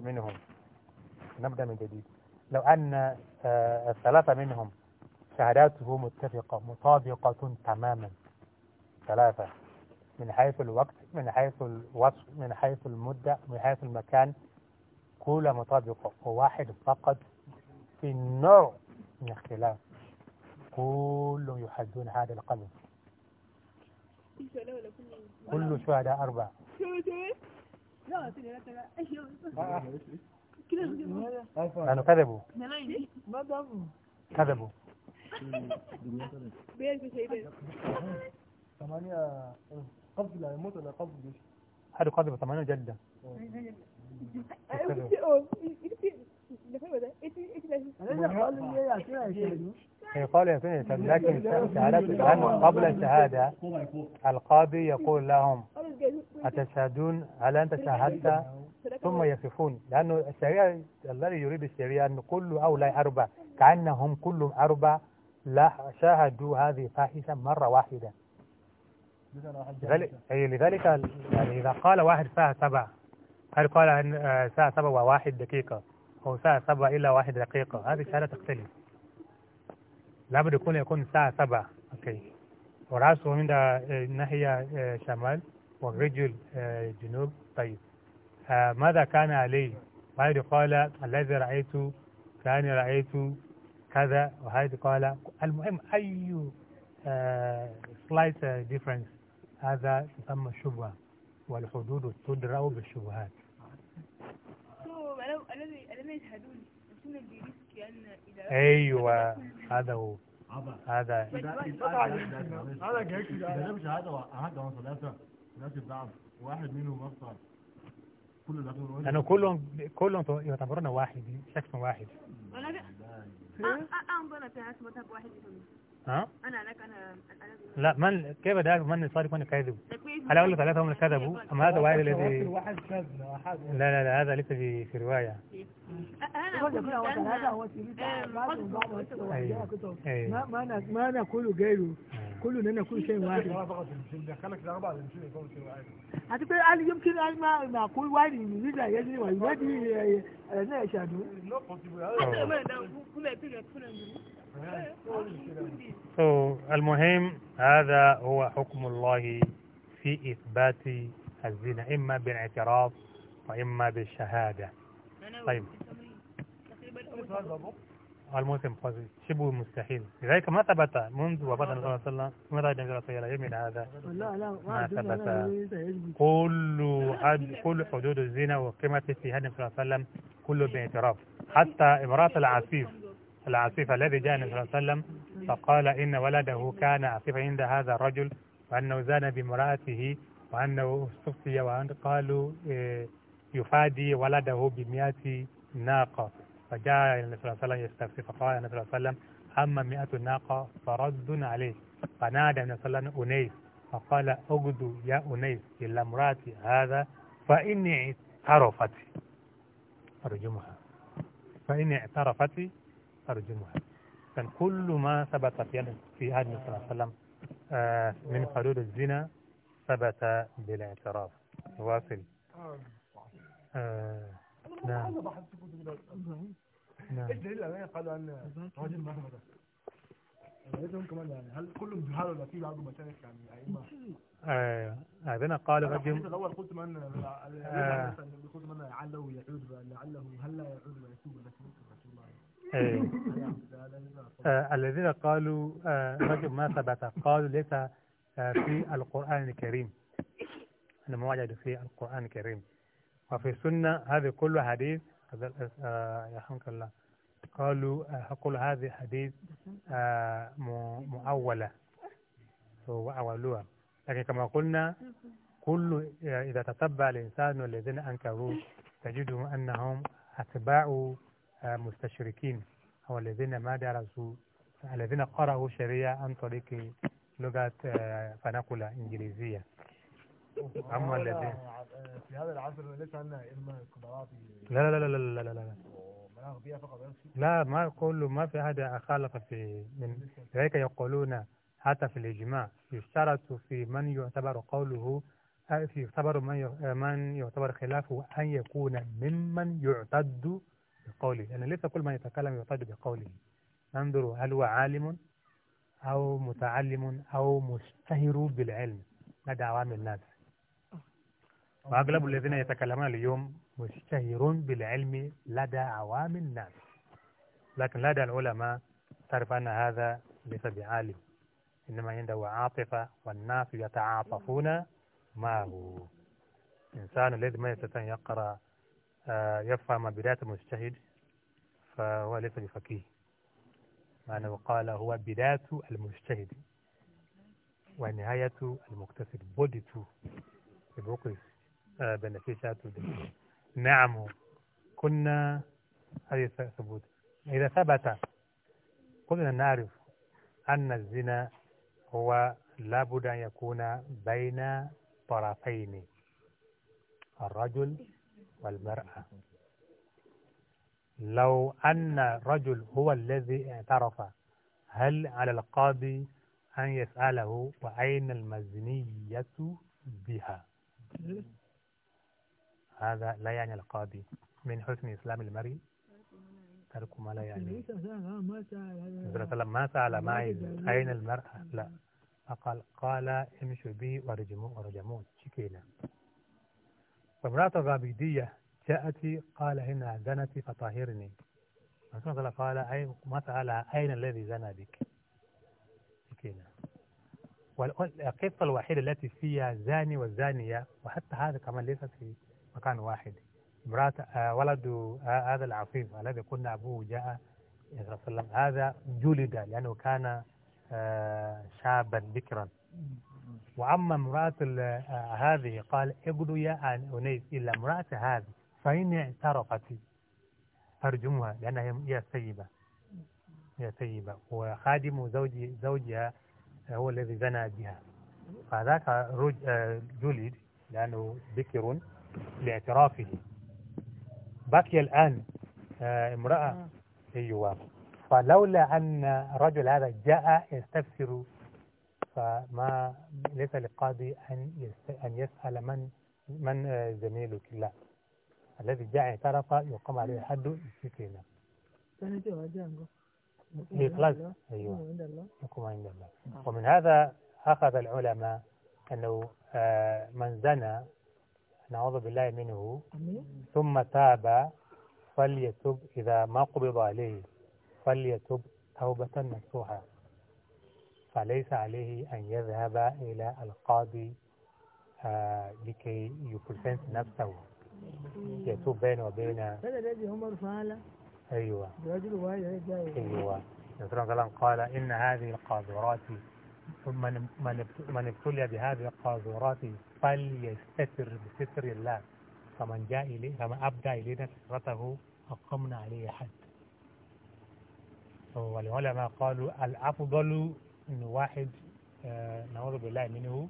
منهم نبدأ من جديد لو أن آه، الثلاثة منهم شهاداته متفقة مطابقة تماما ثلاثة من حيث الوقت من حيث الوصف من حيث المدة من حيث المكان كل مطابقة وواحد فقط في النوع من اختلاف كل يحدون هذا القلب كل شهداء أربعة أنا كذبوا كذبوا ثمانية قبض لا يموت ولا قبض مش حد قبض ثمانية جدة يقال فندم لكن سألت عنه قبل الشهادة القاضي يقول لهم أتشهدون هل أنت شاهدت ثم يقفون لأنه الشريعة الذي يريد الشريعة أن كل هؤلاء أربع كأنهم كلهم أربع لا شاهدوا هذه الفاحشة مرة واحدة لذلك يعني إذا قال واحد ساعة سبع هل قال ساعة آه، سبع وواحد دقيقة أو ساعة سبع إلا واحد دقيقة هذه الشهادة تختلف لابد يكون يكون الساعة سبعة أوكي ورأسه من آه، ناحية آه، شمال والرجل آه، جنوب طيب ماذا كان عليه وهذه قال الذي رأيته كان رأيته كذا وهذه قال المهم أي slight difference هذا يسمى شبهة والحدود تدرأ بالشبهات الذي ايوه هذا هو هذا هذا جايك ده مش هذا هذا هو ثلاثه واحد منهم اصلا كلهم كلهم يعتبرون واحد شخص واحد ها؟ أنا لك أنا لا من كيف ده من صادق من كاذب؟ هل أقول ثلاثة هم اللي كذبوا؟ أم هذا واحد الذي لا لا لا هذا لسه في رواية أنا ما ما ناكل غيره انا ناكل شيء واحد هتبقى هل يمكن أن ما ناكل واحد من إذا يجري ويودي لا يشهدون so المهم هذا هو حكم الله في إثبات الزنا إما بالاعتراف وإما بالشهادة طيب الموسم فازي شبه مستحيل لذلك ما ثبت منذ وفاة النبي صلى الله عليه وسلم ماذا يدعي إلى يومنا هذا ما ثبت كل حد كل حدود الزنا وقيمته في النبي صلى الله عليه وسلم كله باعتراف حتى امرأة العفيف العفيف الذي جاء النبي صلى الله عليه وسلم فقال إن ولده كان عفيفا عند هذا الرجل وأنه زان بامرأته وأنه استفتي وأن قالوا إيه يفادي ولده بمئة ناقة فجاء النبي صلى الله عليه وسلم يستفسر فقال النبي صلى الله عليه وسلم أما مئة ناقة فرد عليه فنادى النبي صلى الله عليه وسلم أنيس فقال أغدو يا أنيس إلا امرأتي هذا فإني اعترفت أرجمها فإني اعترفت أرجمها كل ما ثبت في في هذا النبي صلى الله عليه وسلم آه، من حدود الزنا ثبت بالاعتراف واصل آه نعم نعم ايش دليل الامانه قالوا ان راجل مهمه لازم كمان يعني هل كلهم جهال ولا في بعضهم مشايخ يعني ائمه؟ ايوه ابينا قال رجل الاول قلت من قلت من لعله يعود لعله هلا يعود ويتوب لكن ايوه الذين قالوا رجل ما ثبت قالوا ليس في القران الكريم انما وجد في القران الكريم وفي السنة هذه كلها حديث آه، يرحمك الله قالوا كل آه، هذه حديث آه، مؤولة وأولوها لكن كما قلنا كل إذا تتبع الإنسان الذين أنكروا تجدهم أنهم أتباع مستشركين أو الذين ما درسوا الذين قرأوا الشريعة عن طريق لغة فنقلة إنجليزية عم ولا إيه؟ في هذا العصر ليس عندنا اما قراءاتي لا لا لا لا لا لا لا لا لا ما كل ما في هذا خالف في من ذلك يقولون حتى في الإجماع يشترط في من يعتبر قوله في يعتبر من من يعتبر خلافه أن يكون ممن يعتد بقوله لأن يعني ليس كل من يتكلم يعتد بقوله ننظر هل هو عالم أو متعلم أو مشتهر بالعلم لدى عوام الناس وأغلب الذين يتكلمون اليوم مشتهرون بالعلم لدى عوام الناس لكن لدى العلماء تعرف أن هذا ليس بعالم إنما عنده عاطفة والناس يتعاطفون معه الإنسان الذي ما يستطيع أن يقرأ آه، يفهم بداية المجتهد فهو ليس بفقيه معنى قال هو بداية المجتهد ونهاية المكتسب بودي تو بنفيسات آه، نعم كنا هذه ثبوت إذا ثبت قلنا نعرف أن الزنا هو لابد أن يكون بين طرفين الرجل والمرأة لو أن الرجل هو الذي اعترف هل على القاضي أن يسأله وأين المزنية بها هذا لا يعني القاضي من حسن إسلام المرء ترك ما لا يعني وسلم ما سأل ما أين المرأة لا فقال قال امشوا بي ورجموا ورجمون شكينا وامرأة غابدية جاءت قال هنا زنتي فطهرني رسول الله قال أي ما سأل أين الذي زنى بك شكينا والقصة الوحيدة التي فيها زاني والزانية وحتى هذا كمان ليس في مكان واحد امرأة آه، ولد آه، هذا العفيف الذي قلنا أبوه جاء صلى الله عليه هذا جلد لأنه كان آه، شابا بكرا وأما امرأة هذه قال اجدوا يا أنيس إلا امرأة هذه فإن اعترفت فارجمها لأنها هي سيبة هي سيبة وخادم زوجي زوجها هو الذي زنى بها فذاك جلد لأنه بكر لاعترافه بقي الآن آه، امرأة أيوة فلولا أن الرجل هذا جاء يستفسر فما ليس للقاضي أن أن يسأل من من آه، زميلك لا الذي جاء اعترف يقام عليه حد السكينه هي خلاص أيوة يقوم عند الله نعم. ومن هذا أخذ العلماء أنه آه، من زنى نعوذ بالله منه ثم تاب فليتب إذا ما قبض عليه فليتب توبة نصوحة فليس عليه أن يذهب إلى القاضي آه لكي يبرسنت نفسه يتوب بينه وبين هذا الذي هم رفعه أيوة رجل واحد أيوة نصر قال إن هذه القاذورات من من ابتلي بهذه القاذورات فليستتر بستر الله فمن جاء إليه فمن أبدى إلينا سترته أقمنا عليه حد والعلماء قالوا الأفضل أن واحد آه، نعوذ بالله منه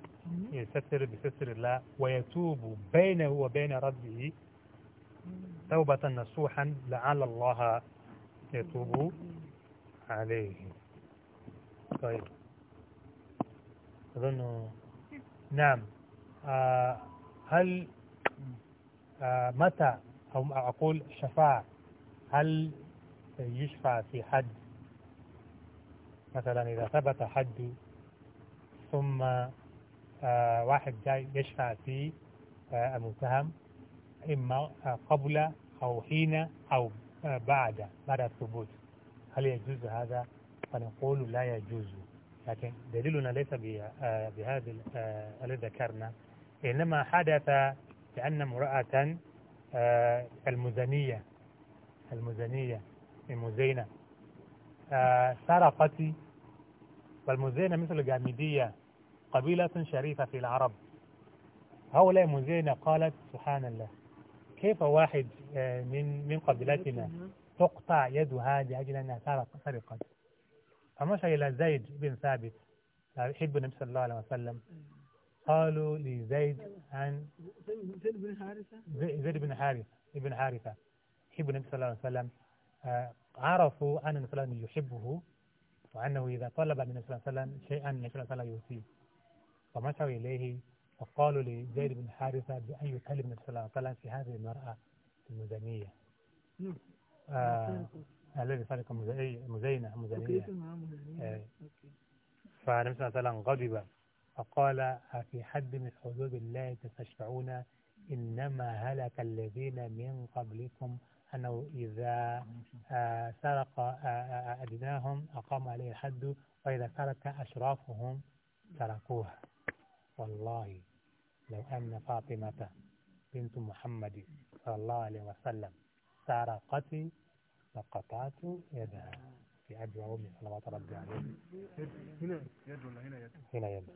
يستتر بستر الله ويتوب بينه وبين ربه توبة نصوحا لعل الله يتوب عليه طيب أظن نعم آه، هل آه، متى أو أقول الشفاعة هل يشفع في حد مثلا إذا ثبت حد ثم آه، واحد جاي يشفع في المتهم إما قبل أو حين أو بعد بعد الثبوت هل يجوز هذا فنقول لا يجوز لكن دليلنا ليس بهذا الذي ذكرنا إنما حدث لأن امرأة آه، المزنية المزنية المزينة آه، سرقت والمزينة مثل الجامدية قبيلة شريفة في العرب هؤلاء مزينة قالت سبحان الله كيف واحد آه، من من قبيلتنا تقطع يدها لأجل أنها سرقت فمشى إلى زيد بن ثابت حب النبي صلى الله عليه وسلم قالوا لزيد طيب. عن زيد بن حارثة زيد بن حارثة ابن حارثة يحب النبي صلى الله عليه وسلم آه، عرفوا أن النبي صلى الله عليه وسلم يحبه وأنه إذا طلب من النبي صلى الله عليه وسلم شيئا النبي صلى الله عليه وسلم يوصيه فمشوا إليه فقالوا لزيد بن حارثة بأن يكلم النبي صلى الله عليه وسلم في هذه المرأة المزنية نعم. آه، الذي صار إيه، مزينة مزينة آه. فالنبي صلى الله عليه وسلم غضب فقال في حد من حدود الله تستشفعون إنما هلك الذين من قبلكم أنه إذا آه، سرق أدناهم آه، آه، أقام عليه الحد وإذا ترك أشرافهم تركوها والله لو أن فاطمة بنت محمد صلى الله عليه وسلم سرقت لقطعت يدها في أبي وأمي صلوات ربي عليه هنا يد ولا هنا يد هنا يد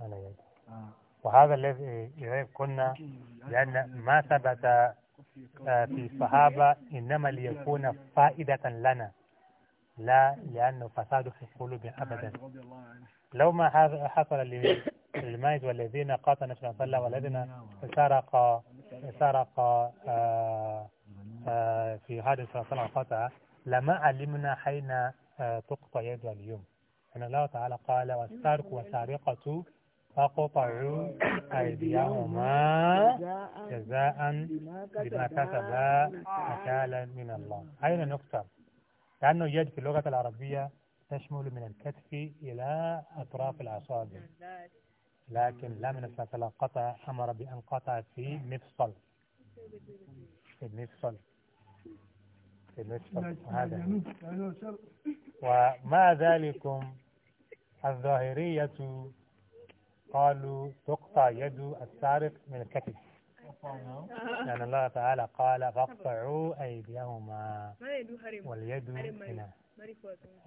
يعني. آه. وهذا الذي يعني كنا لأن ما ثبت في آه، الصحابة إنما ليكون فائدة لنا لا لأنه فساد في القلوب آه، أبدا لو ما حصل للميت والذين قاتلوا نفس الله والذين سرق سرق في هذا الصلاة قطع لما علمنا حين تقطع يده اليوم أن الله تعالى قال والسارق والسارقة فقطعوا أيديهما جزاء بما كتبا أكالا من الله أين نكتب؟ لأنه يد في اللغة العربية تشمل من الكتف إلى أطراف الأصابع لكن لا من لا قطع أمر بأن قطع في مفصل في مفصل في مفصل هذا ومع ذلكم الظاهرية قالوا تقطع يد السارق من الكتف لأن الله تعالى قال فاقطعوا أيديهما واليد هنا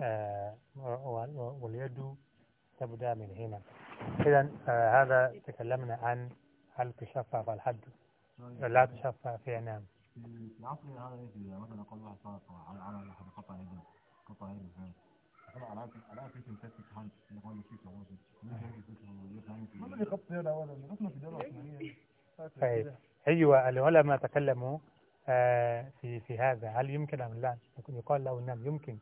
آه، واليد تبدأ من هنا إذا آه، هذا تكلمنا عن هل تشفع فالحد لا تشفع في عنام في عصر هذا مثلا قول الله تعالى على قطع يده قطع يده أيوه. إيه؟ طيب. طيب أيوة العلماء تكلموا آه، في في هذا هل يمكن أم لا يقال له نعم يمكن أنه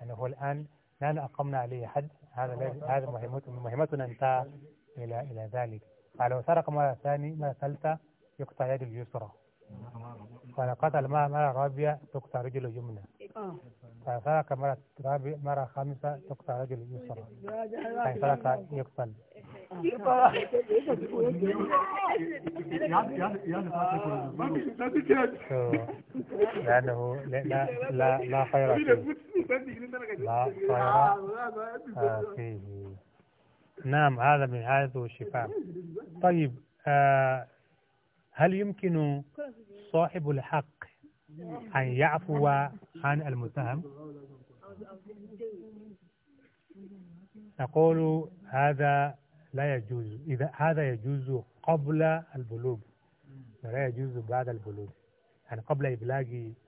يعني هو الآن نحن أقمنا عليه حد هذا نعم، هذا نعم. مهمتنا مهمتنا انتهى إلى إلى ذلك فلو سرق مرة ثانية مرة ثالثة يقطع يد اليسرى ولو نعم. قتل مرة رابعة تقطع رجل اليمنى آه. فانطلق مرة رابع مرة خامسة تقطع رجل يسرى يعني فانطلق يقتل لأنه لا لا لا خير لا خير فيه نعم هذا من هذا الشفاء طيب آه، هل يمكن صاحب الحق أن يعفو عن المتهم نقول هذا لا يجوز إذا هذا يجوز قبل البلوغ ولا يجوز بعد البلوغ يعني قبل إبلاغ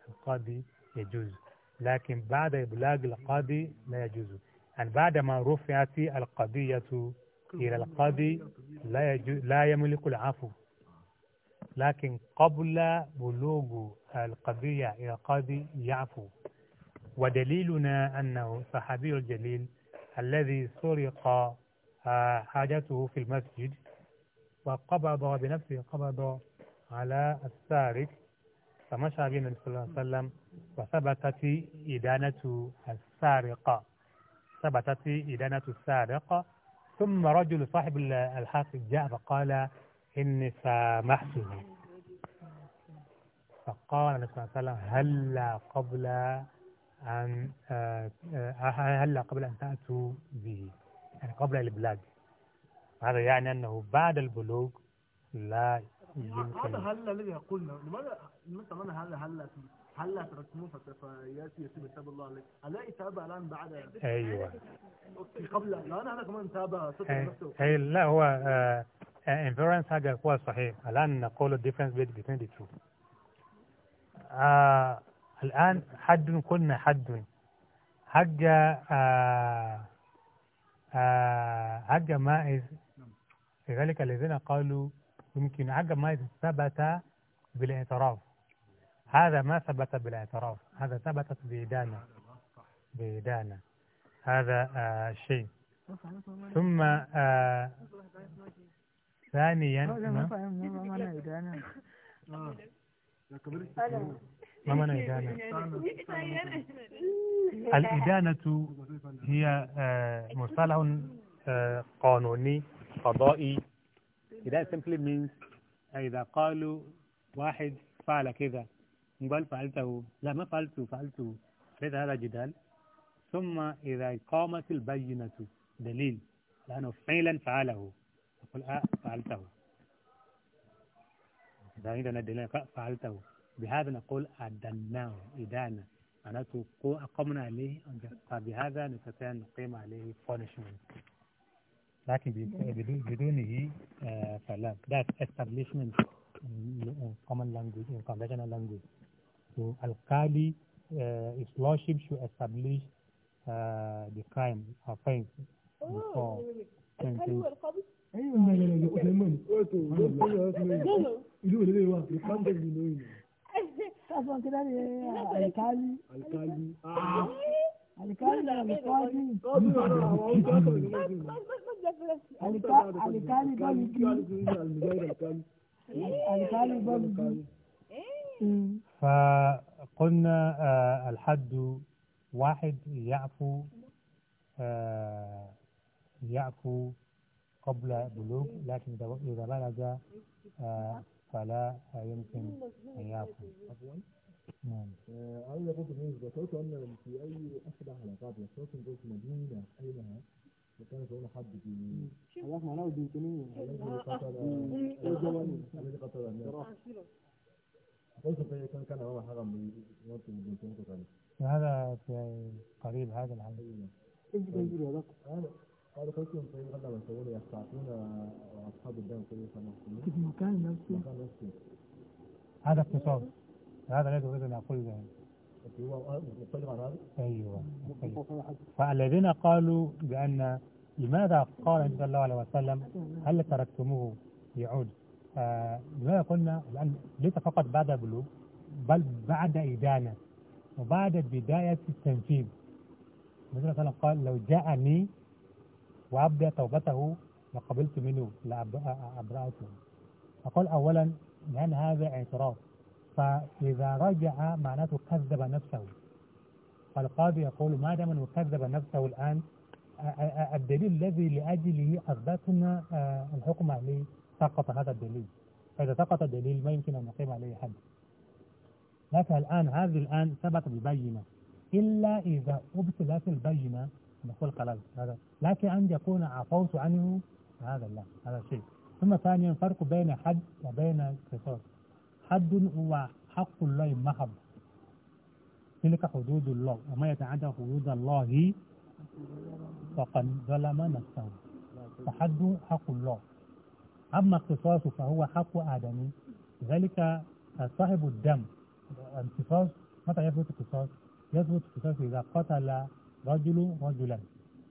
القاضي يجوز لكن بعد إبلاغ القاضي لا يجوز يعني ما رفعت القضية إلى القاضي لا يجوز لا يملك العفو لكن قبل بلوغ القضية إلى القاضي يعفو ودليلنا أنه صحابي الجليل الذي سرق آه، حاجته في المسجد وقبض بنفسه قبض على السارق فمشى بين النبي صلى الله عليه وسلم وثبتت إدانة السارقة ثبتت إدانة السارقة ثم رجل صاحب الحق جاء فقال إني سامحته فقال النبي صلى الله عليه وسلم هلا قبل أن هلا آه، آه، قبل أن تأتوا به يعني قبل البلاد هذا يعني أنه بعد البلوغ لا يمكن هذا هلا الذي يقول لماذا لماذا هلا هلا هلا تركموه فياتي يتم تاب الله عليك الا يتاب الان بعد ايوه قبل لا انا كمان تاب نفسه أي... لا هو آه inference حاجة هو صحيح الآن نقول difference between the two آه الآن حد قلنا حد حاجة آه آه حاجة مائز لذلك الذين قالوا يمكن حاجة مائز ثبت بالاعتراف هذا ما ثبت بالاعتراف هذا ثبتت بإدانة بإدانة هذا آه شيء ثم آه ثانيا ما معنى إدانة؟ الإدانة هي آه، مصطلح آه، قانوني قضائي إذا simply means إذا قالوا واحد فعل كذا قال فعلته لا ما فعلته فعلته ليس هذا جدال ثم إذا قامت البينة دليل لأنه فعلا فعله تقول آه فعلته عندنا دليل فعلته بهذا نقول أدناه إدانة معناته أقمنا عليه فبهذا نستطيع أن نقيم عليه punishment لكن بدونه فلا that establishment in common language in conventional language so القاضي uh, his lordship should establish uh, the crime offense oh, before oh, القاضي هو القاضي فقلنا الحد واحد يعفو يعفو قبل بلوغ لكن إذا بلغ آه، فلا يمكن أن يأخذ نعم. آه، أنا برضه ذكرت أن في أي أحد علاقات العلاقات خاصة في المدينة حينها وكان يقول حد في الله أنا وبيتني آه، الذي قتل الذي قتل الناس كان كان هو حرم يوطي بنتين هذا في قريب هذا الحديث ايش بيجري هذاك؟ قالوا فيكم طيب هلا في مكان مكان هذا اقتصاد هذا غير غير معقول ده هو آه، هذا ايوه فالذين قالوا بان لماذا قال النبي صلى الله عليه وسلم هل تركتموه يعود آه لماذا قلنا الان ليس فقط بعد بلوغ بل بعد إدانة وبعد بداية التنفيذ وسلم قال لو جاءني وابدا توبته وقبلت منه لأبرأته أقول أولا لأن هذا اعتراف فإذا رجع معناته كذب نفسه فالقاضي يقول ما دام أنه كذب نفسه الآن الدليل الذي لأجله أثبتنا آه، الحكم عليه سقط هذا الدليل فإذا سقط الدليل ما يمكن أن نقيم عليه حد لكن الآن هذه الآن ثبت ببينة إلا إذا أبطلت البينة نقول خلاص هذا لكن أن يكون عفوت عنه هذا لا هذا شيء ثم ثانيا فرق بين حد وبين قصاص حد هو حق الله محض تلك حدود الله وما يتعدى حدود الله فقد ظلم نفسه فحد حق الله أما قصاص فهو حق آدمي ذلك صاحب الدم القصاص متى يثبت القصاص؟ يثبت القصاص إذا قتل رجل رجلا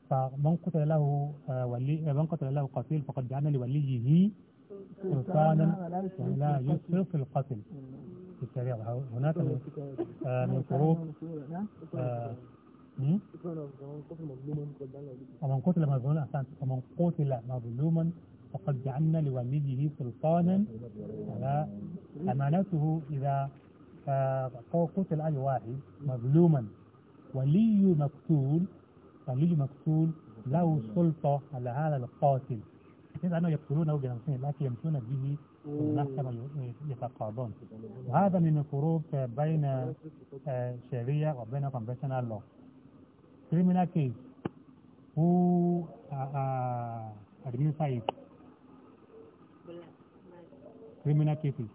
فمن قتل له آه، ولي آه، من قتل له قتيل فقد جعلنا لوليه سلطانا ولا يسر في القتل في الشريعة هناك من شروط ومن قتل مظلوما أحسنت ومن قتل مظلوما فقد جعلنا لوليه سلطانا على أمانته إذا آه، قتل أي واحد مظلوما ولي مقتول ولي مقتول له سلطة على هذا القاتل بحيث أنه يقتلونه بنفسهم لكن يمشون به المحكمة يتقاضون وهذا من الفروق بين الشريعة وبين conventional law criminal case who administer it criminal cases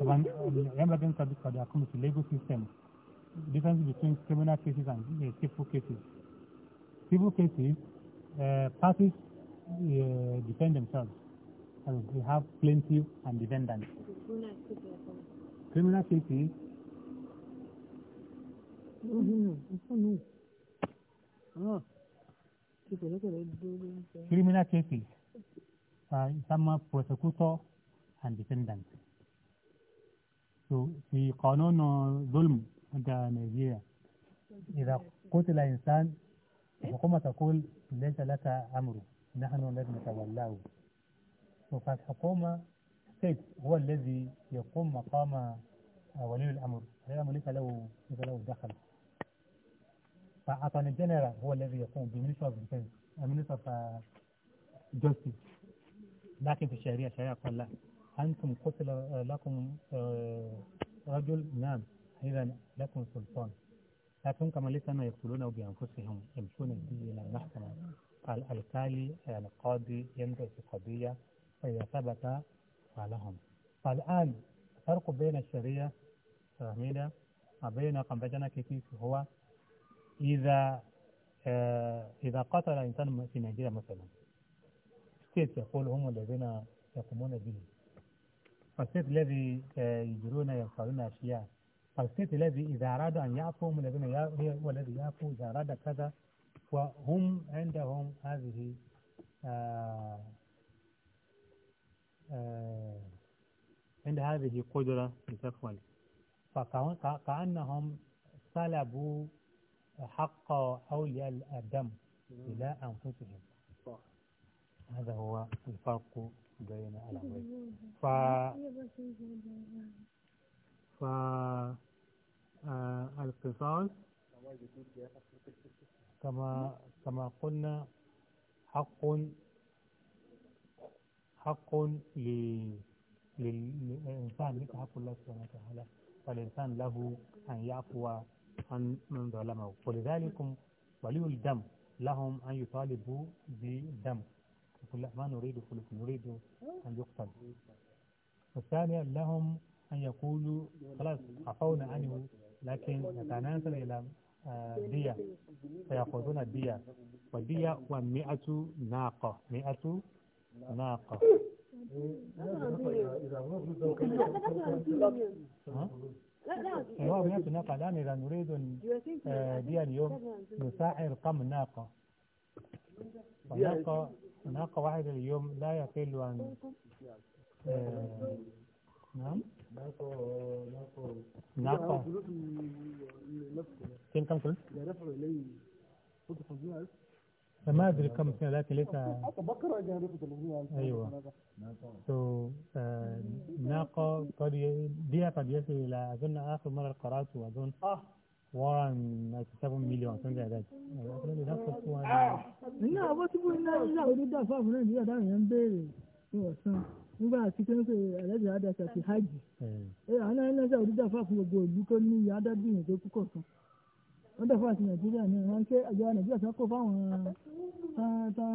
طبعا ينبغي أن قد يكون في legal system difference between criminal cases and uh, civil cases. Civil cases, uh, parties uh, defend themselves. And we have plaintiff and defendant. Criminal cases. No, no, no. Oh. Criminal cases. Uh, some prosecutor and defendant. So, في قانون ظلم منطقة نيجيريا إذا قتل إنسان الحكومة تقول ليس لك أمره نحن الذي نتولاه فالحكومة ستيت هو الذي يقوم مقام ولي الأمر هذا ليس له ليس له دخل فأعطاني جنرال هو الذي يقوم بمينستر أوف ديفنس مينستر جوستيس لكن في الشريعة الشريعة قال لا أنتم قتل آه، لكم آه، رجل نعم إذا لكم سلطان لكن كما ليس أنه يقتلونه بأنفسهم يمشون به إلى المحكمة الكالي يعني القاضي ينظر في قضية فإذا ثبت فلهم فالآن الفرق بين الشريعة فهمينا وبين قنبجنا كيف هو إذا آه إذا قتل إنسان في نيجيريا مثلا كيف يقول هم الذين يقومون به فالسيف الذي آه يجرون يفعلون أشياء فالصيت الذي إذا أراد أن يعفو من الذين هو الذي يعفو إذا أراد كذا وهم عندهم هذه آآ آه، آآ آه، عند هذه قدرة لتفعل فكأنهم سلبوا حق أولياء الدم إلى أنفسهم هذا هو الفرق بين الأمرين ف... فالقصاص آه، كما كما قلنا حق حق للإنسان ليس حق الله سبحانه وتعالى فالإنسان له أن يعفو عن من ظلمه ولذلك ولي الدم لهم أن يطالبوا بالدم يقول لا ما نريد فلوس نريد أن يقتل الثانية لهم أن يقولوا خلاص عفونا عنه لكن نتنازل إلى آه، دية فيأخذون الدية والدية هو مئة ناقة مئة ناقة هو 100 ناقة الآن إذا نريد آه، دية اليوم نسعر كم ناقة ناقة ناقة واحدة اليوم لا يقل عن آه، نعم نقع كم كم قلت؟ لا رفع إليه قلت 500 ما ادري كم سنه لكن ليس حتى بكره جابت ايوه سو آه، ناقه قد دي قد يصل الى اظن اخر مره قرات واظن آه. ورا 7 مليون something like that. لا بس بقول لنا لا اريد افهم ليه ده ينبغي nígbà tí tó ń pè ẹlẹ́dìí adàṣà ti hajj àwọn ẹlẹ́sẹ̀ òdìjà fáfún gbogbo ìlú tó ní ìyá adágbìyàn tó kúkọ̀ kan wọ́n dẹ̀ fáfún nàìjíríà ní wọ́n ṣe àjọ nàìjíríà tó kó fáwọn tán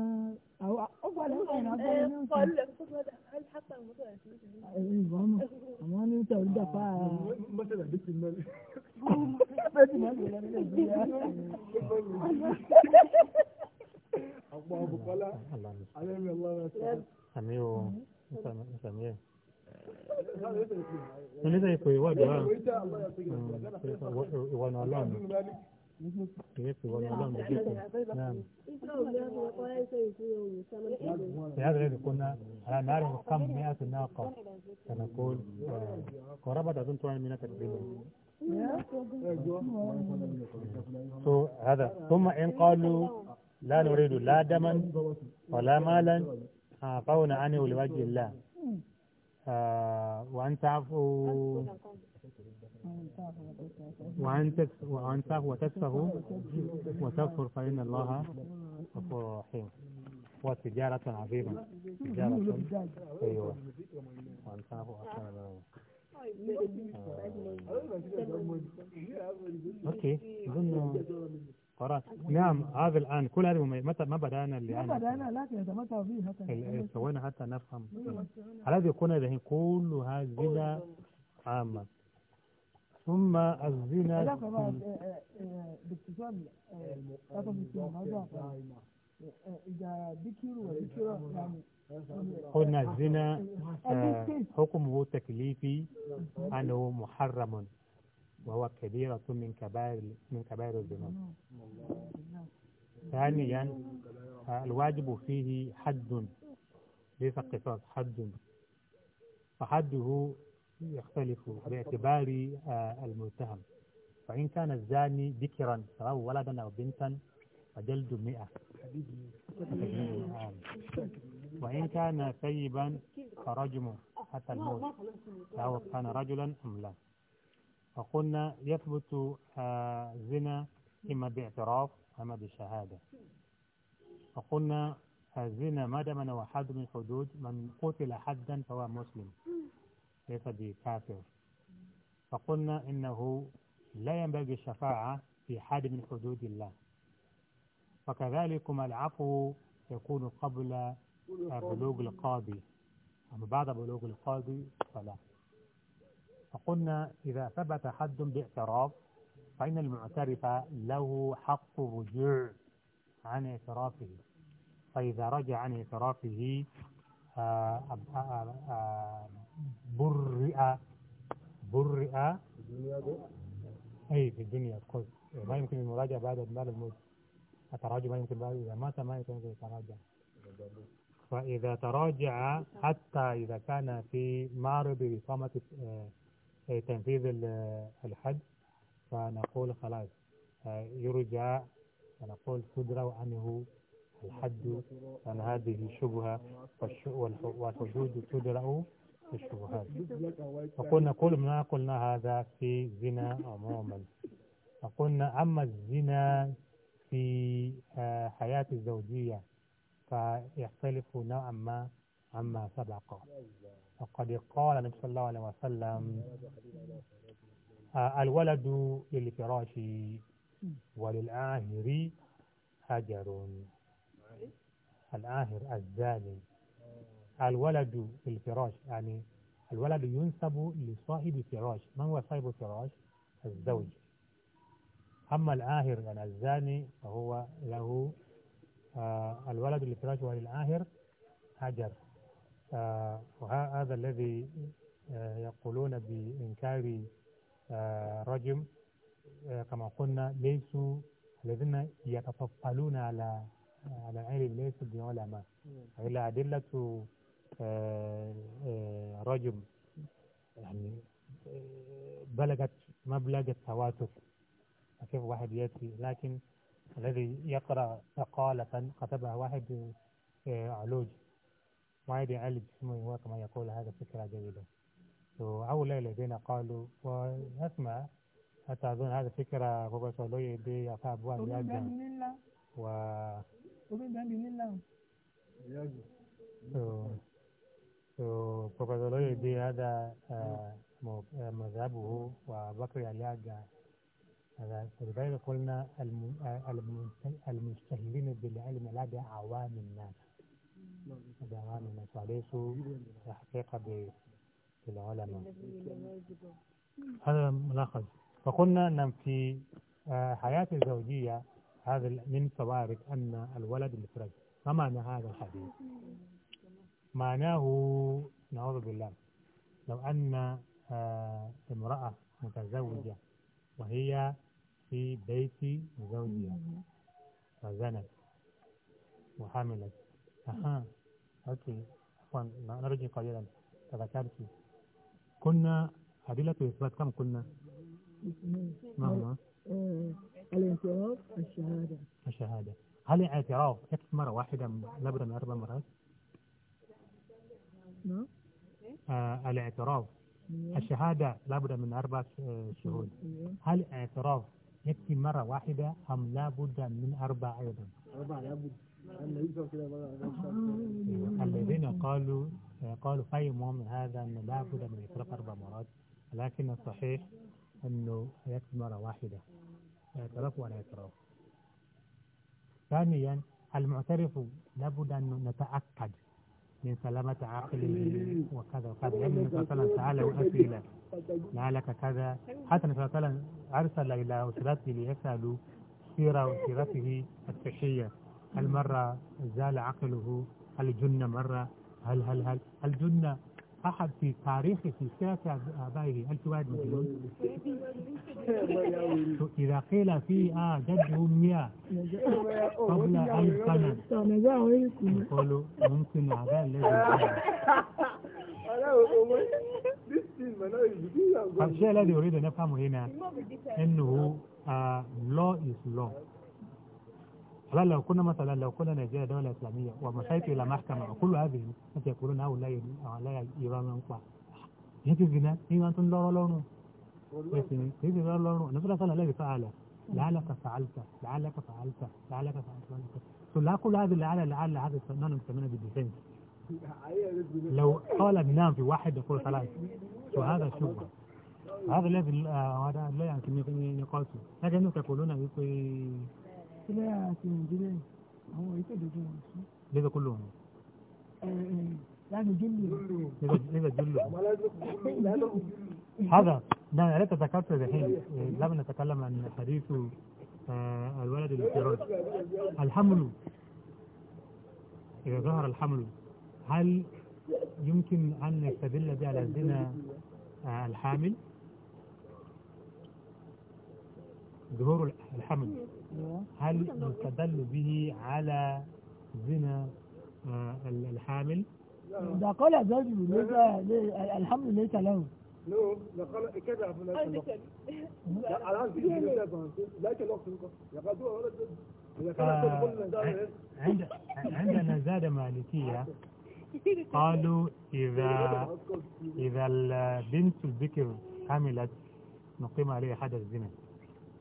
àwọn ọgbàlẹ̀ ìrìn àbọ̀ ní ọ̀sán. ìbọn mọ̀ àwọn ní ìtẹ̀ òdìjà fáà. wajaa wanalamu yetu wanalamu في هذا الذي كنا على نعرف كم مئة ناقة سنقول قرابة أظن تعمل منها تقريبا هذا ثم إن قالوا لا نريد لا دما ولا مالا أعطونا عنه لوجه الله آه، وأن تعفو وأن وأن تعفو وتسفهوا وتغفر فإن الله غفور رحيم وتجارة عظيمة تجارة أيوة وأن تعفوا طيب. أوكي أظن قرار نعم هذا الآن كل هذه متى ما بدأنا اللي ما بدأنا لكن إذا نتمتع به حتى سوينا حتى نفهم هذه يكون إذا الحين كل هذه عامة ثم الزنا إيه، إيه، إيه، باكتساب إذا ذكر وذكر يعني قلنا الزنا آه، حكمه تكليفي mm-hmm. أنه محرم وهو كبيرة من كبائر من كبائر الذنوب ثانيا الواجب فيه حد ليس قصاص حد فحده يختلف باعتبار آه، المتهم فإن كان الزاني ذكرا سواء ولدا أو بنتا فجلد مئة وإن كان سيبا فرجمه حتى الموت سواء كان رجلا أم لا فقلنا يثبت الزنا آه، إما باعتراف أما بشهادة فقلنا الزنا آه، ما دام أنه حد من حدود من قتل حدا فهو مسلم ليس بكافر فقلنا إنه لا ينبغي الشفاعة في حد من حدود الله فكذلك العفو يكون قبل آه، بلوغ القاضي أما بعد بلوغ القاضي فلا فقلنا إذا ثبت حد باعتراف فإن المعترف له حق الرجوع عن اعترافه فإذا رجع عن اعترافه آه، آه، آه، برئ برئ أي في الدنيا قلت ما يمكن المراجعة بعد مال الموت التراجع ما يمكن بعد إذا مات ما يمكن يتراجع فإذا تراجع حتى إذا كان في معرض إقامة تنفيذ الحد فنقول خلاص آه، يرجع فنقول تدرى عنه الحد عن هذه الشبهة والحدود تدرى الشبهات وقلنا كل ما قلنا هذا في زنا عموما وقلنا نعم أما الزنا في آه، حياة الزوجية فيختلف نوعا ما عما سبق وقد قال النبي صلى الله عليه وسلم آه، الولد للفراش وللآهر هجر الآهر الزاني الولد للفراش يعني الولد ينسب لصاحب الفراش من هو صاحب الفراش الزوج أما الآهر يعني الزاني فهو له آه، الولد للفراش وللآهر هجر آه، وهذا الذي آه، يقولون بإنكار آه، رجم كما قلنا ليسوا الذين يتطفلون على على العلم ليسوا بعلماء إلا أدلة رجم يعني بلغت مبلغ التواتر كيف واحد يأتي لكن الذي يقرأ مقالة كتبها واحد علوج وعاد يعالج جسمه كما يقول هذا فكرة جيدة وعول وأولى الذين قالوا وأسمع حتى أظن هذا فكرة بابا سولوي دي يفعب وان يجمع و so Professor Loyo دي هذا مذهبه وبكر الياجا هذا فلذلك قلنا آه، المستهلين بالعلم لا عوام الناس دعانا من مصالحه تحقيق بالعلماء هذا ملاحظ فقلنا أن في آه، حياة الزوجية هذا من فوارق أن الولد مفرد ما معنى هذا الحديث معناه نعوذ بالله لو أن آه، امرأة متزوجة وهي في بيت زوجها فزنت وحملت أها أوكي عفوا نرجع قليلا تذكرت كنا أدلة إثبات كم كنا؟ ما هو؟ آه، الاعتراف الشهادة الشهادة هل الاعتراف يكفي مرة واحدة لابد من أربع مرات؟ نعم آه الاعتراف نعم. الشهادة لابد من أربع شهود نعم. هل الاعتراف يكفي مرة واحدة أم لابد من أربع أيضا؟ أربع لابد الذين قالوا قالوا فهموا مهم هذا أن لا بد من إطلاق أربع مرات لكن الصحيح أنه يكفي مرة واحدة اعتراف ولا اعتراف ثانيا المعترف لابد أن نتأكد من سلامة عقله وكذا وكذا لأن يعني النبي صلى الله عليه وسلم سأله أسئلة لعلك كذا حتى النبي صلى الله عليه وسلم أرسل إلى أسرته ليسألوا سيرة وسيرته الصحية هل مرة زال عقله هل جن مرة هل هل هل هل جن أحد في تاريخه في سياسة آبائه هل تواد مجنون إذا قيل في آه جده مياه قبل ألف سنة يقولوا ممكن هذا الذي الشيء الذي أريد أن أفهمه هنا أنه آه، law is law لا لو كنا مثلا لو كنا نيجيريا دولة إسلامية ومشيت إلى محكمة وكل هذه الناس يقولون هؤلاء لا يرون أنقى هيك الزنا إيه أنتم لا رلونه هيك لا رلونه نقول صلى الله فعل لعلك فعلت لعلك فعلت لعلك فعلت لا كل هذه لعل لعل هذا نحن نسمينه بالديفنس لو قال بنام في واحد يقول شو هذا شو هذا الذي آه، هذا لا يمكن أن يقاسه لكنهم يقولون يقول ilé àti nàìjíríà àwọn èyí tẹ̀lé jù يعني جلو ليه جلو هذا ده لا تتكاثر الحين إيه، لما نتكلم عن حديث آه، الولد الافتراضي الحمل إذا ظهر الحمل هل يمكن أن يستدل به على زنا الحامل ظهور الحمل أيوة. هل يستدل به على زنا آه، الحامل ده قال زوجي ليس الحمل ليس له لا قال كده أيوة. على قصدي لا كلام عندنا زاد مالكية قالوا إذا إذا البنت الذكر حملت نقيم عليها حدث زنا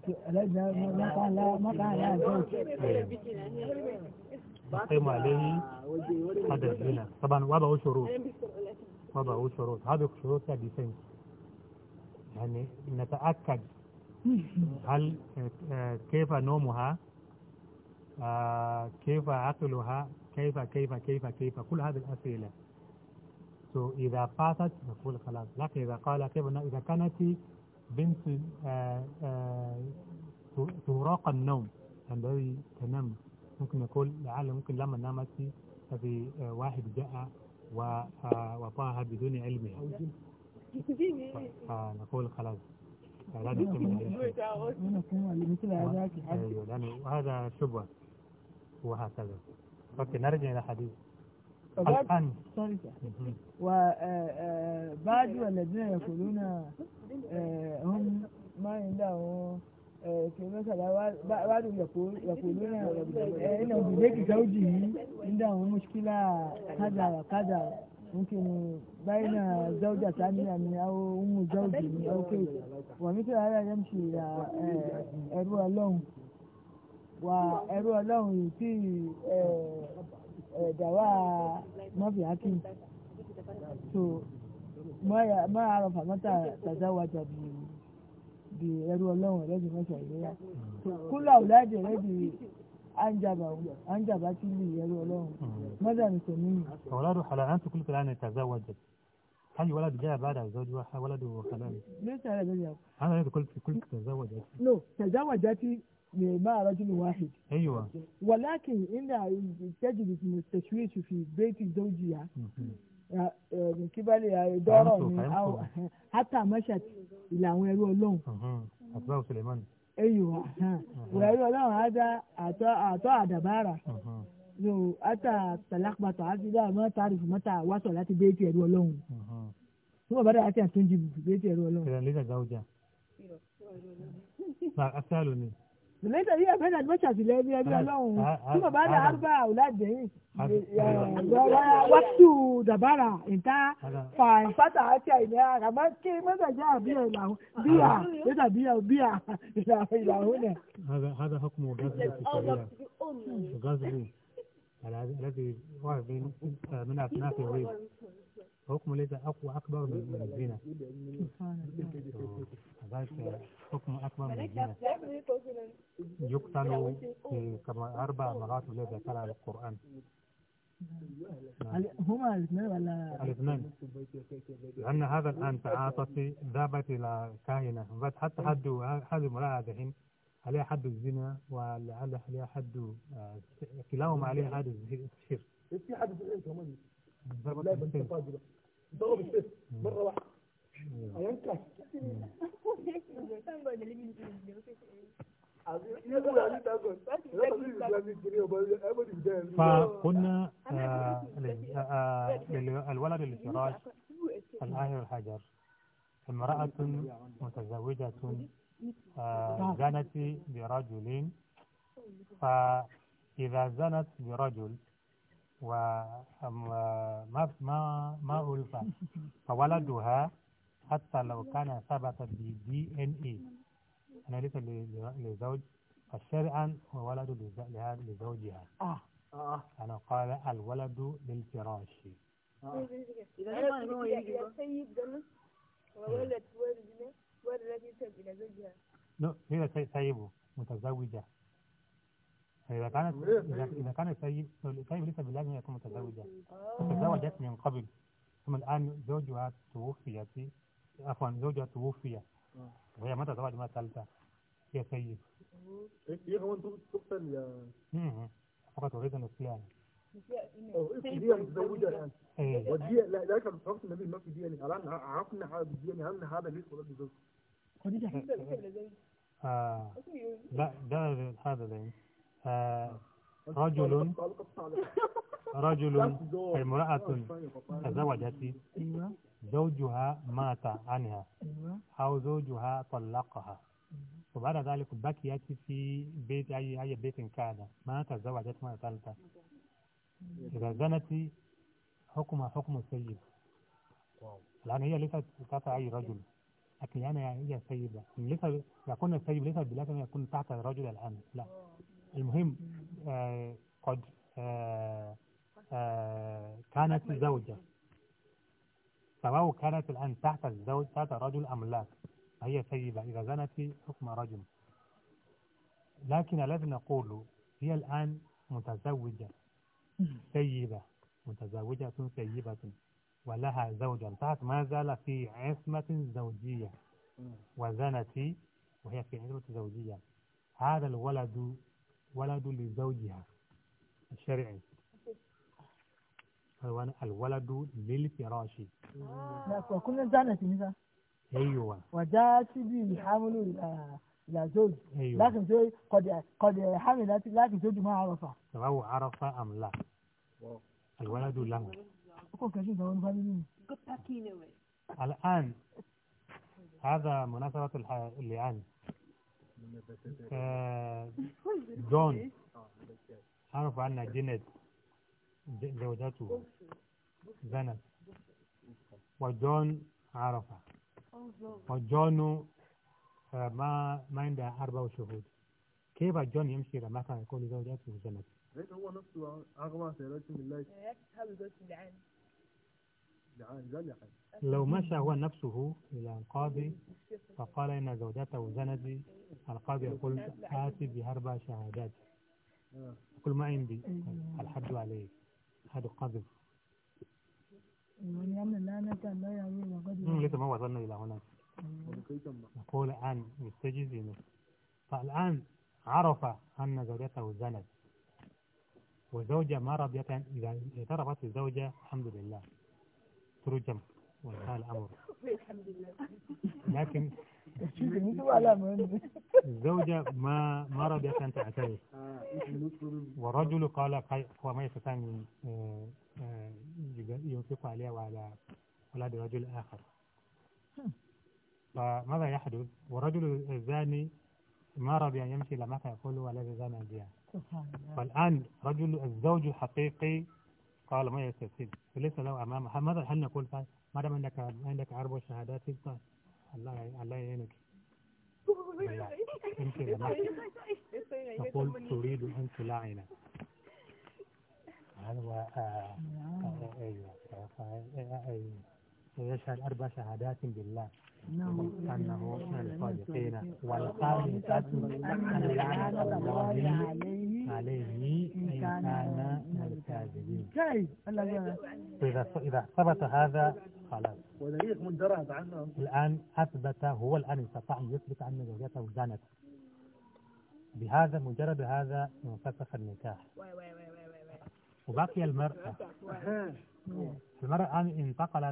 يقيم عليه هذا الزنا طبعا وضعوا شروط وضعوا شروط هذه الشروط ديفنس يعني نتأكد هل كيف نومها كيف عقلها كيف كيف كيف كيف كل هذه الأسئلة إذا فاتت نقول خلاص لكن إذا قال كيف إذا كانت بنت آه، آه، تراق النوم عندما يعني تنام ممكن نقول لعل ممكن لما نامت في آه، واحد جاء وطاها بدون علمها نقول خلاص لا أيوة، هذا شبه وهكذا اوكي نرجع الى حديث الآن وبعد والذين يقولون هم ما عندهم مثلا بعض يقول يقولون ان امتلاك زوجه عنده مشكلة كذا وكذا ممكن بين زوجة ثانية أو أم زوجي أو كيف ومثل هذا يمشي إلى ẹrú Ọlọ́run wà ẹrú Ọlọ́run dawa mafiyakin to ma arafa mata tazawaja bi ẹrú ọlọ́run ẹlẹ́dìí mẹ́ta ìlera kúlọ̀ ọ̀làjẹ̀ ẹlẹ́dìí anjaba tí lè ẹrú ọlọ́run mọ́tà ní sọ̀mínì. ọ̀làdù halal àti kúlù kìlá ni tazawaja هل ولد جاء بعد زوجها ولده وحلال؟ ليس هذا أنا قلت كل تزوجت. نو تزوجت مع واحد أيوة ولكن إن تجد المستشويش في بيت زوجها من قبل إدارة أو حتى مشت إلى وين اللون أصلاً سليمان أيوة ويقول لهم هذا أعطاء دبارة أتى تلخبط هذا ما تعرف متى وصلت بيت اللون ثم بدأت تنجب بيت اللون كذا لذا زوجها أسألني lẹ́tà yìí ẹ̀fẹ́ náà mẹ́ta sí lẹ́bí ẹbí ọlọ́run tí bàbá dà arúgbà ah. ọ̀làdẹ́yìn ah, ah, wàtú dàbàrà ìta fàǹfàtà àti àìlẹ́ ara máa ké mẹ́ta jẹ́ àbíyà ìlàwó bíyà mẹ́ta bíyà bíyà ìlàwó nẹ̀. هذا حكم غازل في الشريعة غازل الذي من أثناء الريب حكم ليس أقوى أكبر من الزنا سبحان الله هذاك حكم أكبر من الزنا يقتل كما أربع مرات وليس ذكر على القرآن هما الاثنين ولا الاثنين لأن هذا الآن تعاطت ذهبت إلى كاهنة حتى حد هذه المرأة دحين عليها حد الزنا ولعل عليها حد كلاهما عليه حد الشرك في حد في الإنسان ضرب السيف مرة واحدة هينتهي فقلنا الولد للفراش الآهر الحجر امرأة متزوجة زنت برجل فإذا زنت برجل وما ما ما ألفة فولدها حتى لو كان ثبت دي ان اي أنا ليس لزوج فشرعا هو ولد لزوجها آه. آه. أنا قال الولد للفراش آه. إذا ما سيد ولد ولد ولد إلى زوجها لا هي سيبه متزوجة إذا كانت إذا كان السيد الطيب ليس بلازم يكون متزوجا تزوجت من قبل ثم الآن زوجها توفيت عفوا زوجها توفي وهي ما تزوج مرة ثالثة يا سيد إيه، إيه، هي كمان تقتل يا فقط أريد أن أصلها إيه، دي متزوجة الآن ودي لا لا كان صرفت النبي ما في دي الآن عرفنا هذا دي هل هذا ليس ولا بزوج آه. لا ده هذا ده آه، رجل رجل امرأة تزوجت زوجها مات عنها أو زوجها طلقها وبعد ذلك بكيت في بيت أي أي بيت كان ما تزوجت مرة ثالثة إذا زنت حكمها حكم السيد الآن هي ليست تحت أي رجل لكن الآن هي سيدة ليس يكون السيد ليس بلازم يكون تحت الرجل الآن لا المهم آه، قد آه، آه، كانت زوجة سواء كانت الآن تحت الزوج تحت رجل أم لا هي سيدة إذا زنت حكم رجل لكن الذي نقول هي الآن متزوجة سيدة متزوجة سيبة ولها زوجا تحت ما زال في عصمة زوجية وزنت وهي في عصمة زوجية هذا الولد ولد لزوجها الشرعي الولد للفراش وكنا زانت نساء ايوه وجات بي حامل الى آه، زوج أيوة. لكن زوج قد قد حملت لكن زوج ما عرفه سواء عرف ام لا الولد له الان هذا مناسبه الح... اللعان John Arab Anna Janet زوجته زنت وجون عرفة وجون ما ما عنده أربع شهود كيف جون يمشي لما كان يقول زوجته زنت هو نفسه أغمى سيرته من الله يكتب لو مشى هو نفسه إلى القاضي فقال إن زوجته زندي القاضي يقول آتي بأربع شهادات يقول ما عندي الحد عليه هذا قذف لسه ما وصلنا إلى هناك يقول الآن مستجز فالآن عرف أن زوجته زنت وزوجة ما رضيت إذا اعترفت الزوجة الحمد لله جنب والحال أمر لكن الزوجة ما ما رضيت أن تعترف والرجل قال خميسة آه، آه، ينفق عليها وعلى أولاد رجل آخر فماذا يحدث والرجل الزاني ما رضي أن يمشي إلى مكة يقول ولا زاني بها فالآن رجل الزوج الحقيقي قال ما سيدي فليس له أمام ماذا هل نقول طيب ما دام عندك عندك أربع شهادات تبقى طيب. الله الله يعينك أنت تقول تريد أن هذا هو آه، آه، آه، أيوه يشهد أربع شهادات بالله أنه من الصادقين والخامسة أن لعنة الله عليه إن كان من الكاذبين إذا إذا ثبت هذا خلاص ودليل مندرهب عنه الآن أثبت هو الآن استطاع أن يثبت أن زوجته زانت بهذا مجرد هذا انفسخ النكاح وبقي المرأة المرأة الآن انتقل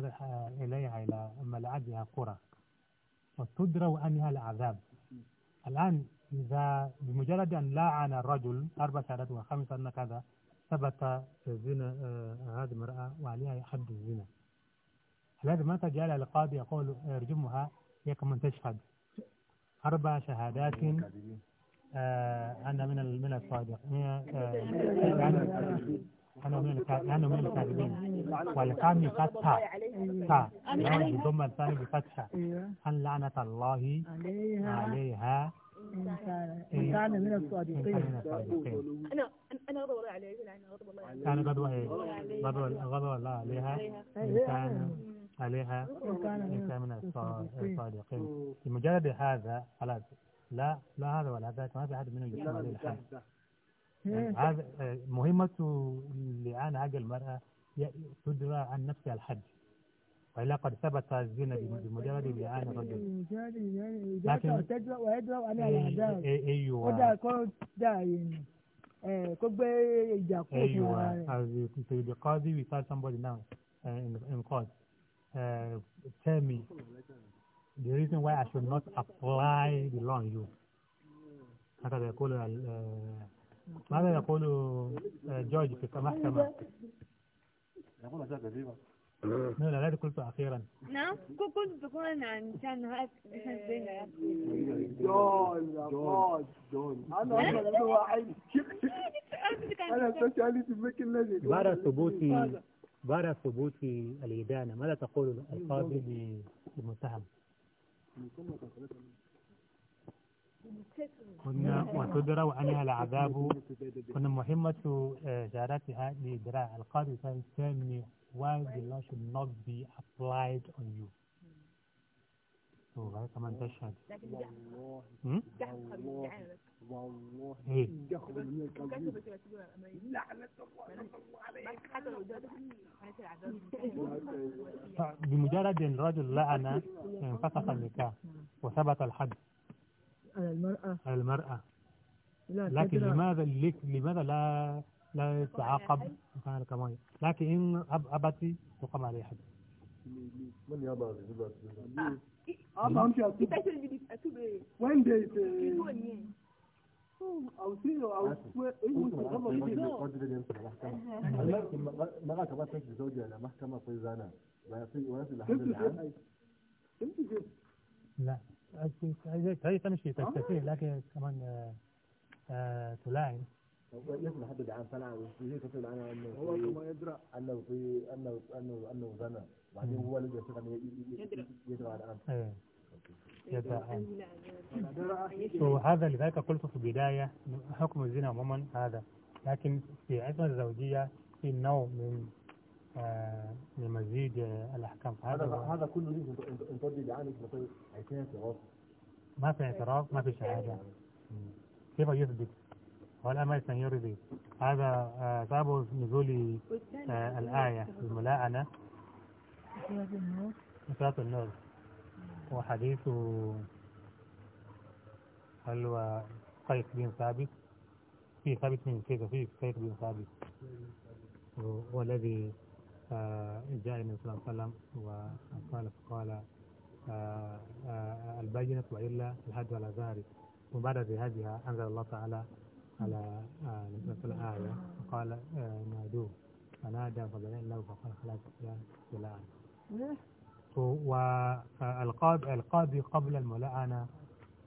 إليها إلى ملعبها قرى وتدرى أنها العذاب الآن إذا بمجرد أن لعن الرجل أربع شهادات وخمس أن كذا ثبت زنا آه، هذه المرأة وعليها حد الزنا هذا ما تجعل القاضي يقول ارجمها هي كمن تشهد أربع شهادات أيوة، آه أنا من من الصادق آه، أيوة. يعني أنا من أنا من الكاذبين والكام فتحة تا أنا أنا أنا أنا أنا أنا الله عليها أنا كان إيه. من الصادقين أنا أنا أنا أنا أنا أنا أنا أنا أنا أنا عليها أنا كان أنا أنا أنا من الصادقين بمجرد هذا خلاص لا لا هذا ولا ذاك ما في أحد منهم أنا أنا الحال يعني هذا آه، مهمته لعان هذه المرأة تدرى عن نفسها الحد وإلا قد ثبت الزنا بمجرد لعان الرجل لكن تدرى ويدرى عن الأعداء إيه، إيه، إيه، أيوه وده كون داين ايوه somebody now آه، in, court آه، tell me the reason why I should not apply the law on you. ماذا يقول آه، جورج في المحكمة؟ يقول أشياء كثيرة لا لا هذه قلت أخيرا نعم كنت تكون عن شان هات دون دون دون أنا أنا واحد أنا سأسألي في المكان الذي بعد ثبوت بعد ثبوت الإدانة ماذا تقول القاضي للمتهم؟ كنا وتدرى عنها العذاب كنا مهمة آه، جارتها لإدراء القاضي tell me why the law should not be applied on you والله كمان تشهد والله hmm؟ بمجرد ان الرجل لعن انفسخ النكاح وثبت الحد على المرأة على المرأة لا لكن تدرع. لماذا لماذا لا لا يتعاقب مثلا كمان لكن إن أب أبتي وقام عليه حد من يابا وين أو أو ما كمان تجي لا هي تمشي آه. تكتفي لكن كمان آه، آه، تلاعن يسمح حدد عن صنعة ويجي تقول عنها انه هو كما يدرى انه في انه انه انه زنا بعدين هو اللي يستطيع يدرى يدرى الان وهذا لذلك قلت في البداية حكم الزنا عموما هذا لكن في عصمة الزوجية في نوع من آه، لمزيد آه، الأحكام هذا هذا كله ليه انت انت يعالج مثلا عتاب اعتراف ما في اعتراف ما في شهادة يعني. كيف يثبت ولا ما يرضي إيه؟ هذا سبب آه، نزول الآية الملاعنة صلاة النور وحديث هل هو قيس بن ثابت في ثابت من كذا في قيس بن ثابت والذي فجاء النبي صلى الله عليه وسلم وقال فقال آه، آه، البينة وإلا الهدي على ذلك وبعد ذهابها أنزل الله تعالى على صلى الله عليه وسلم فقال آه، نادوه فنادى فبين له فقال خلاص يا سلام والقاضي القاضي قبل الملاءنة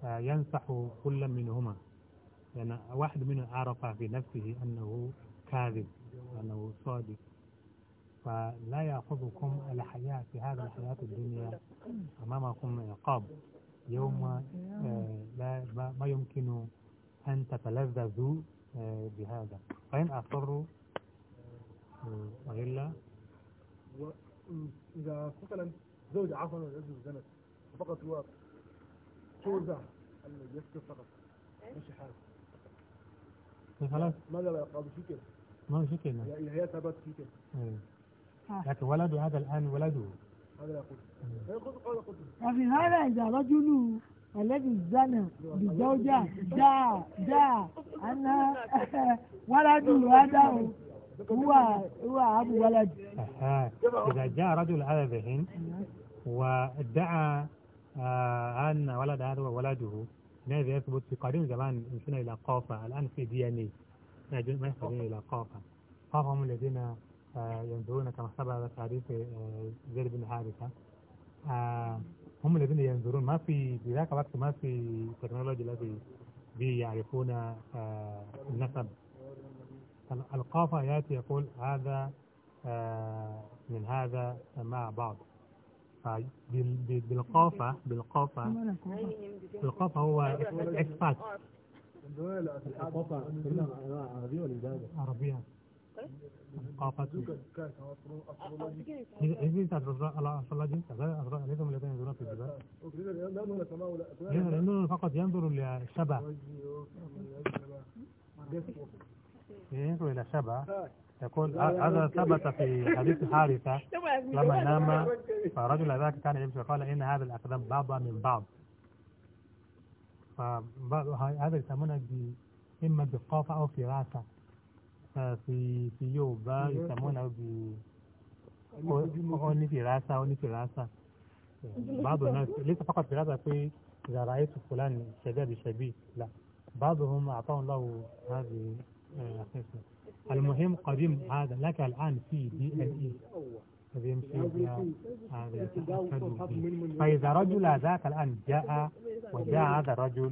ينصح كل منهما لأن يعني واحد منهم عرف في نفسه أنه كاذب أنه صادق فلا يأخذكم الحياة في هذا الحياة الدنيا أمامكم عقاب يوم آه، لا ما يمكن أن تتلذذوا آه، بهذا فإن أصروا آه، وإلا إذا مثلا زوج عفوا الرجل زنت فقط هو توزع يسكت فقط ماشي حاله خلاص ماذا لا يقابل فيك ما هو كده هي ثبت شيء كده إيه. آه. لكن ولد هذا الآن ولده ففي هذا إذا رجل الذي زنى بزوجة جاء جاء أن ولد هذا هو هو أبو ولد إذا جاء رجل هذا ذهن وادعى آه، أن ولد هذا هو ولده ماذا يثبت في قديم زمان يمشون إلى قافة الآن في دي ان اي ما يحتاجون إلى قافة قافة هم الذين ينظرون كما سبق تعريف آه، زيد بن حارثة آه، هم الذين ينظرون ما في في ذاك الوقت ما في تكنولوجيا التي به يعرفون آه، النسب القافة يأتي يقول هذا من هذا مع بعض بالقافة بالقافة بالقافة هو إكسبات عربية قافت إذن تترزق على ينظرون في الجبال لأنه فقط ينظر الى للشبع ينظر إلى الشبع يقول هذا ثبت في حديث حارثة لما نام فرجل ذاك كان يمشي قال إن هذا الأقدام بعضها من بعض فهذا يسمونه إما بقافة أو فراسة fi fi Yorùbá ìsàmúnà bí onífìràṣà onífìràṣà báàbò náà lẹ́sìn pápá fìràṣà pé ìzàrà ètò fúlàní ṣẹ̀bí àbí ṣẹ̀bí là báàbò wọn àtàwọn lọ́wọ́ láti àfẹ́sẹ̀. المهم قديم هذا لك الآن في دي ال اي قديم في فإذا رجل ذاك الآن جاء وجاء هذا الرجل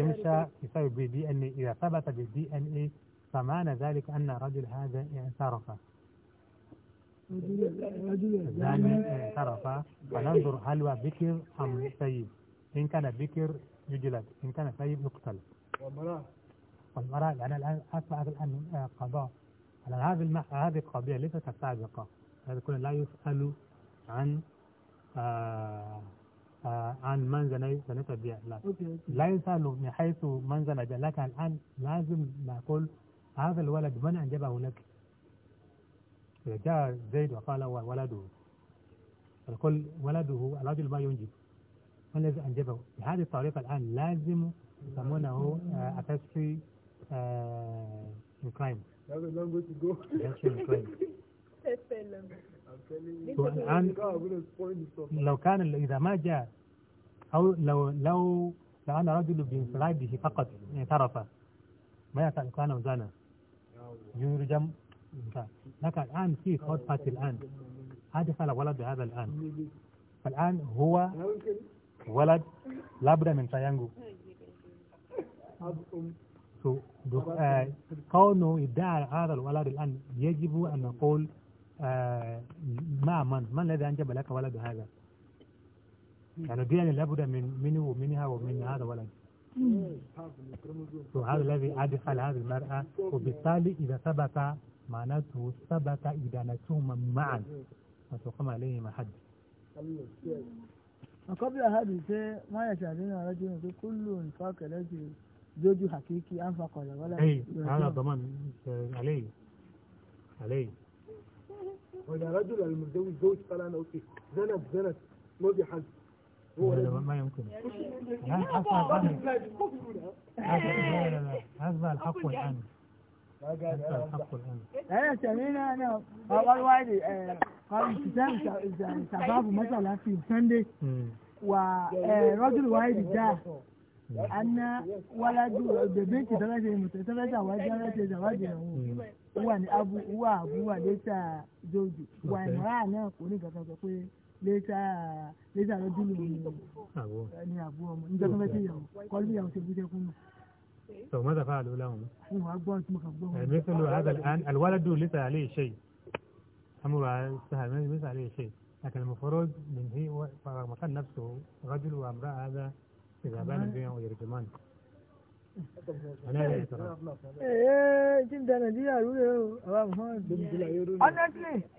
يمشى يساوي بالدي ان اي إذا ثبت بالدي ان اي فمعنى ذلك أن الرجل هذا اعترف الزاني اعترف فننظر هل هو بكر أم سيد إن كان بكر يجلد إن كان سيد يقتل والمرأة لأن الآن أصبحت الآن قضاء على هذه المح... هذه القضية ليست السابقة هذا كله لا يسأل عن آه آه عن من زني زنيت بها لا, لا يسأل من حيث من زنى لكن الآن لازم نقول هذا الولد من أنجبه لك إذا جاء زيد وقال ولده الكل ولده الرجل ما ينجب من الذي أنجبه بهذه الطريقة الآن لازم يسمونه أتسفي آه، كرايم آه، الآن لو كان إذا ما جاء أو لو لو لو أنا رجل بانفراده فقط اعترف ما كان زانا يرجم لك الآن في ثيرد بارتي الآن هذا صار ولد هذا الآن فالآن هو ولد لابد من تيانجو آه، كونه يدعى هذا الولد الآن يجب أن نقول آه مع من من الذي أنجب لك ولد هذا يعني دين لابد من منه ومنها ومن هذا ولد وهذا الذي أدخل هذه المرأة وبالتالي إذا ثبت معناته ثبت إذا نتوما معا فتقام عليهما حد وقبل هذا ما يشهدون رجل كل انفاق الذي زوج حقيقي أنفق ولا ولا أي هذا ضمان علي علي وإذا رجل المتزوج زوج قال أنا أوكي زنت زنت ما في حد ما يمكن هذا الحق الآن هذا الحق الآن أنا سمينا أنا قال واحد قال كتاب شباب مثلا في سندي ورجل واحد جاء أن ولد ببنت ثلاثة متزوجة وجاءت زواجها هو أبو هو أبوها ليس زوجي وامرأة أنا أقول لك létà létà lọ́dún ní ní àbú ọmọ níjọ́ tó mẹ́tì yàwó kọ́lù yàwó ṣe bújẹ́ fún mi. طب ماذا فعلوا لهم؟ مثل هذا الآن الولد ليس عليه شيء أمر سهل ليس عليه شيء لكن المفروض من هي رغم كان نفسه رجل وامرأة هذا يذهبان بها ويرجمان أنا